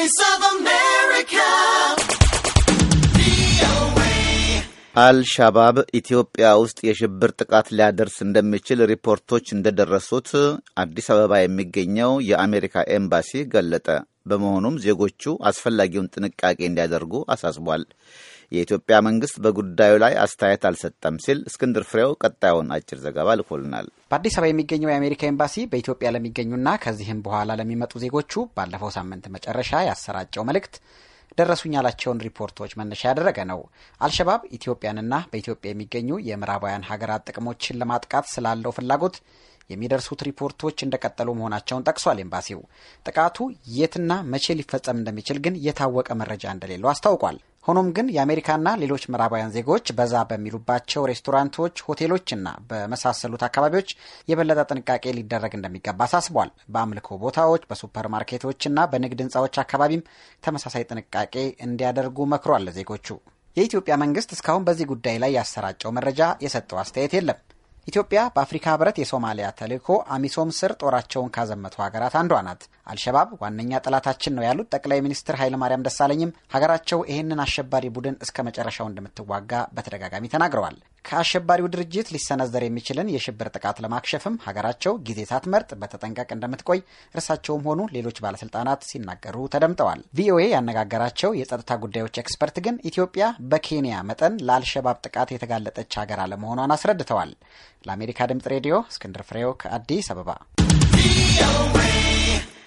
Voice አልሻባብ ኢትዮጵያ ውስጥ የሽብር ጥቃት ሊያደርስ እንደሚችል ሪፖርቶች እንደደረሱት አዲስ አበባ የሚገኘው የአሜሪካ ኤምባሲ ገለጠ። በመሆኑም ዜጎቹ አስፈላጊውን ጥንቃቄ እንዲያደርጉ አሳስቧል። የኢትዮጵያ መንግስት በጉዳዩ ላይ አስተያየት አልሰጠም ሲል እስክንድር ፍሬው ቀጣዩን አጭር ዘገባ ልኮልናል። በአዲስ አበባ የሚገኘው የአሜሪካ ኤምባሲ በኢትዮጵያ ለሚገኙና ከዚህም በኋላ ለሚመጡ ዜጎቹ ባለፈው ሳምንት መጨረሻ ያሰራጨው መልእክት ደረሱኝ ያላቸውን ሪፖርቶች መነሻ ያደረገ ነው። አልሸባብ ኢትዮጵያንና በኢትዮጵያ የሚገኙ የምዕራባውያን ሀገራት ጥቅሞችን ለማጥቃት ስላለው ፍላጎት የሚደርሱት ሪፖርቶች እንደቀጠሉ መሆናቸውን ጠቅሷል። ኤምባሲው ጥቃቱ የትና መቼ ሊፈጸም እንደሚችል ግን የታወቀ መረጃ እንደሌለው አስታውቋል። ሆኖም ግን የአሜሪካና ሌሎች ምዕራባውያን ዜጎች በዛ በሚሉባቸው ሬስቶራንቶች፣ ሆቴሎችና በመሳሰሉት አካባቢዎች የበለጠ ጥንቃቄ ሊደረግ እንደሚገባ አሳስቧል። በአምልኮ ቦታዎች፣ በሱፐርማርኬቶች ና በንግድ ህንፃዎች አካባቢም ተመሳሳይ ጥንቃቄ እንዲያደርጉ መክሯል ዜጎቹ። የኢትዮጵያ መንግስት እስካሁን በዚህ ጉዳይ ላይ ያሰራጨው መረጃ የሰጠው አስተያየት የለም። ኢትዮጵያ በአፍሪካ ህብረት የሶማሊያ ተልእኮ አሚሶም ስር ጦራቸውን ካዘመቱ ሀገራት አንዷ ናት። አልሸባብ ዋነኛ ጠላታችን ነው ያሉት ጠቅላይ ሚኒስትር ኃይለማርያም ደሳለኝም ሀገራቸው ይህንን አሸባሪ ቡድን እስከ መጨረሻው እንደምትዋጋ በተደጋጋሚ ተናግረዋል። ከአሸባሪው ድርጅት ሊሰነዘር የሚችልን የሽብር ጥቃት ለማክሸፍም ሀገራቸው ጊዜ ሳትመርጥ በተጠንቀቅ እንደምትቆይ እርሳቸውም ሆኑ ሌሎች ባለስልጣናት ሲናገሩ ተደምጠዋል። ቪኦኤ ያነጋገራቸው የጸጥታ ጉዳዮች ኤክስፐርት ግን ኢትዮጵያ በኬንያ መጠን ለአልሸባብ ጥቃት የተጋለጠች ሀገር አለመሆኗን አስረድተዋል። ለአሜሪካ ድምጽ ሬዲዮ እስክንድር ፍሬው ከአዲስ አበባ